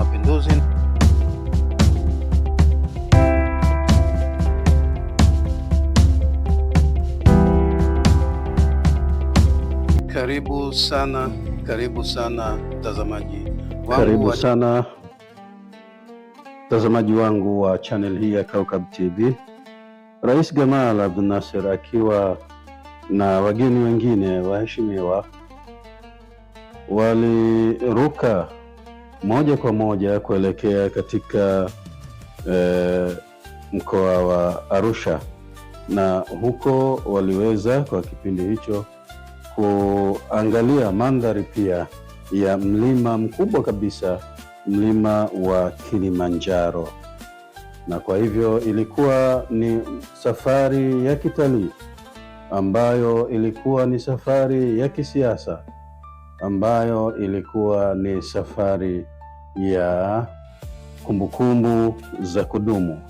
Mapinduzi. Karibu sana, karibu sana mtazamaji wangu, karibu sana mtazamaji wangu wa channel hii ya Kaukab TV. Rais Gamal Abdel Nasser akiwa na wageni wengine waheshimiwa waliruka moja kwa moja kuelekea katika eh, mkoa wa Arusha na huko waliweza kwa kipindi hicho kuangalia mandhari pia ya mlima mkubwa kabisa, mlima wa Kilimanjaro. Na kwa hivyo ilikuwa ni safari ya kitalii ambayo ilikuwa ni safari ya kisiasa ambayo ilikuwa ni safari ya kumbukumbu za kudumu.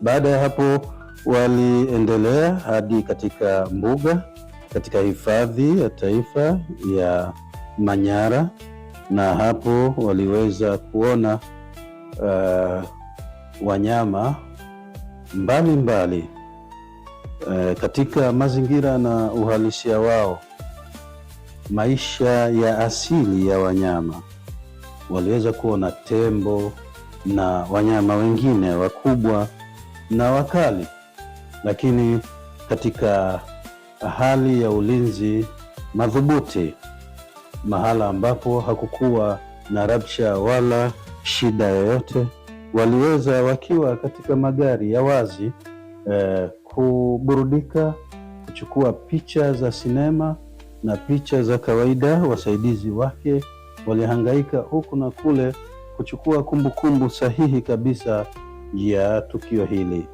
Baada ya hapo, waliendelea hadi katika mbuga katika hifadhi ya taifa ya Manyara, na hapo waliweza kuona uh, wanyama mbalimbali mbali, uh, eh, katika mazingira na uhalisia wao maisha ya asili ya wanyama. Waliweza kuona tembo na wanyama wengine wakubwa na wakali, lakini katika hali ya ulinzi madhubuti, mahala ambapo hakukuwa na rabsha wala shida yoyote. Waliweza wakiwa katika magari ya wazi eh, kuburudika, kuchukua picha za sinema na picha za kawaida. Wasaidizi wake walihangaika huku na kule kuchukua kumbukumbu kumbu sahihi kabisa ya tukio hili.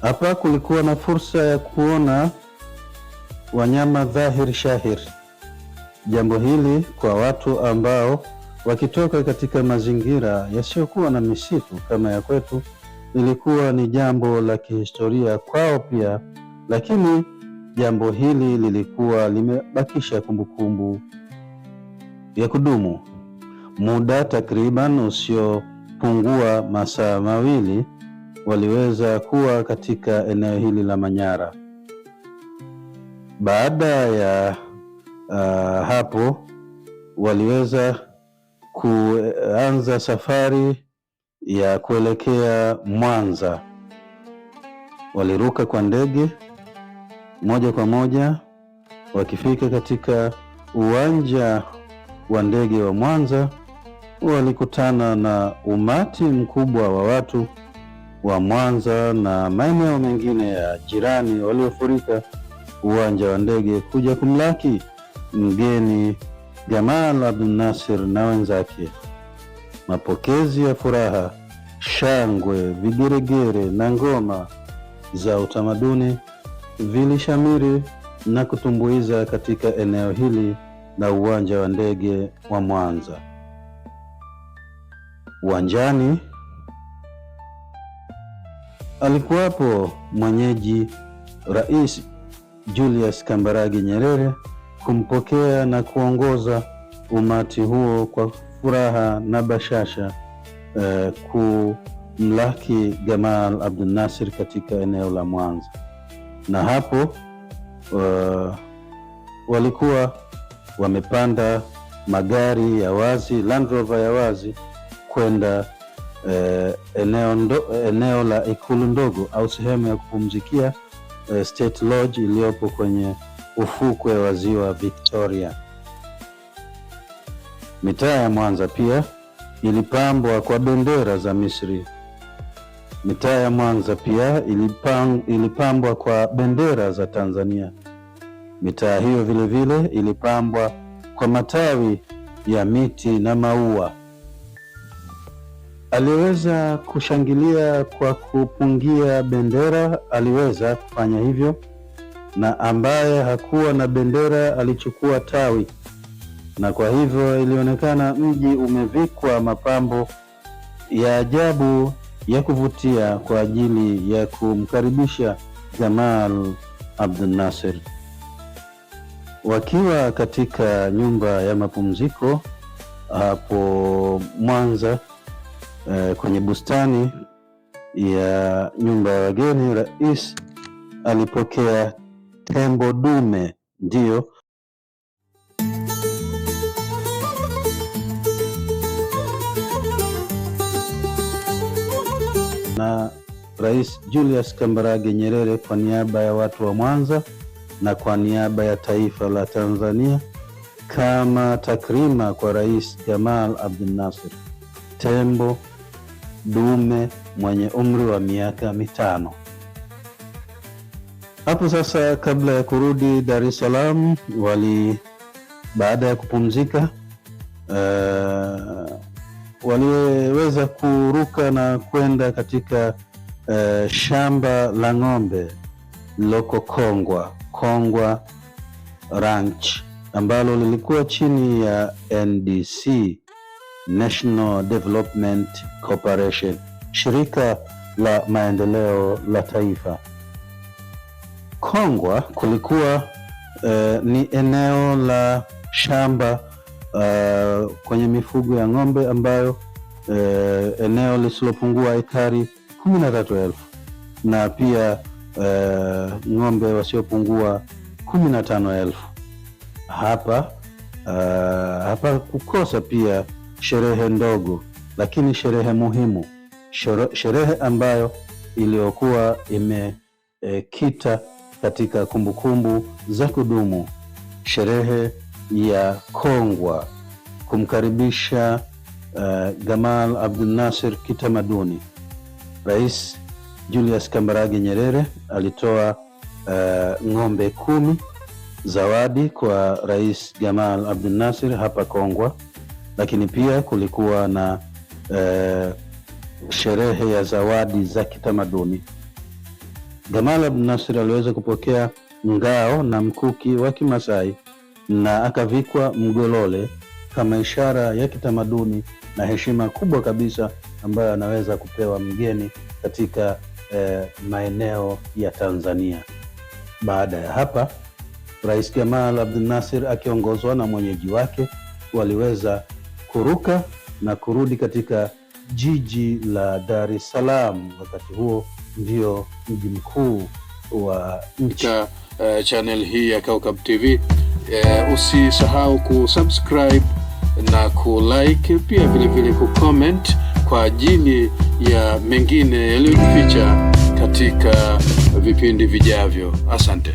Hapa kulikuwa na fursa ya kuona wanyama dhahir shahir. Jambo hili kwa watu ambao wakitoka katika mazingira yasiyokuwa na misitu kama ya kwetu, ilikuwa ni jambo la kihistoria kwao pia, lakini jambo hili lilikuwa limebakisha kumbukumbu ya kudumu muda takriban usiopungua masaa mawili waliweza kuwa katika eneo hili la Manyara. Baada ya uh, hapo waliweza kuanza safari ya kuelekea Mwanza. Waliruka kwa ndege moja kwa moja, wakifika katika uwanja wa ndege wa Mwanza walikutana na umati mkubwa wa watu wa Mwanza na maeneo mengine ya jirani waliofurika uwanja wa ndege kuja kumlaki mgeni Jamal Abdul Nasir na wenzake. Mapokezi ya furaha, shangwe, vigeregere na ngoma za utamaduni vilishamiri na kutumbuiza katika eneo hili la uwanja wa ndege wa Mwanza. Uwanjani alikuwapo mwenyeji Rais Julius Kambarage Nyerere kumpokea na kuongoza umati huo kwa furaha na bashasha eh, kumlaki Gamal abdunasir katika eneo la Mwanza, na hapo uh, walikuwa wamepanda magari ya wazi Land Rover ya wazi kwenda eh, eneo, ndo, eneo la ikulu ndogo au sehemu ya kupumzikia eh, State Lodge iliyopo kwenye ufukwe wa ziwa Victoria. Mitaa ya Mwanza pia ilipambwa kwa bendera za Misri. Mitaa ya Mwanza pia ilipang, ilipambwa kwa bendera za Tanzania. Mitaa hiyo vilevile vile ilipambwa kwa matawi ya miti na maua. Aliweza kushangilia kwa kupungia bendera, aliweza kufanya hivyo na ambaye hakuwa na bendera alichukua tawi, na kwa hivyo ilionekana mji umevikwa mapambo ya ajabu ya kuvutia kwa ajili ya kumkaribisha Jamal Abdel Nasser. Wakiwa katika nyumba ya mapumziko hapo Mwanza eh, kwenye bustani ya nyumba ya wageni, rais alipokea tembo dume ndiyo na Rais Julius Kambarage Nyerere kwa niaba ya watu wa Mwanza na kwa niaba ya taifa la Tanzania kama takrima kwa Rais jamal Abdel tembo dume mwenye umri wa miaka mitano. Hapo sasa, kabla ya kurudi Dar es Salaam, wali baada ya kupumzika uh, waliweza kuruka na kwenda katika uh, shamba la ng'ombe loko Kongwa, Kongwa Ranch ambalo lilikuwa chini ya NDC, National Development Corporation, shirika la maendeleo la taifa. Kongwa kulikuwa uh, ni eneo la shamba uh, kwenye mifugo ya ng'ombe ambayo uh, eneo lisilopungua ekari kumi na tatu elfu na pia uh, ng'ombe wasiopungua kumi na tano elfu hapa uh, hapa kukosa pia sherehe ndogo lakini sherehe muhimu, sherehe ambayo iliyokuwa imekita e, katika kumbukumbu za kudumu, sherehe ya Kongwa kumkaribisha uh, Gamal Abdul Nasir kitamaduni. Rais Julius Kambarage Nyerere alitoa uh, ng'ombe kumi zawadi kwa Rais Gamal Abdul Nasir hapa Kongwa, lakini pia kulikuwa na uh, sherehe ya zawadi za kitamaduni. Gamal Abdel Nasir aliweza kupokea ngao na mkuki wa Kimasai na akavikwa mgolole kama ishara ya kitamaduni na heshima kubwa kabisa ambayo anaweza kupewa mgeni katika eh, maeneo ya Tanzania. Baada ya hapa, Rais Gamal Abdel Nasser akiongozwa na mwenyeji wake waliweza kuruka na kurudi katika jiji la Dar es Salaam wakati huo ndio mji mkuu wa nchi. Uh, channel hii ya Kaukab TV uh, eh, usisahau kusubscribe na kulike, pia vilevile kucomment kwa ajili ya mengine yaliyojificha katika vipindi vijavyo. Asante.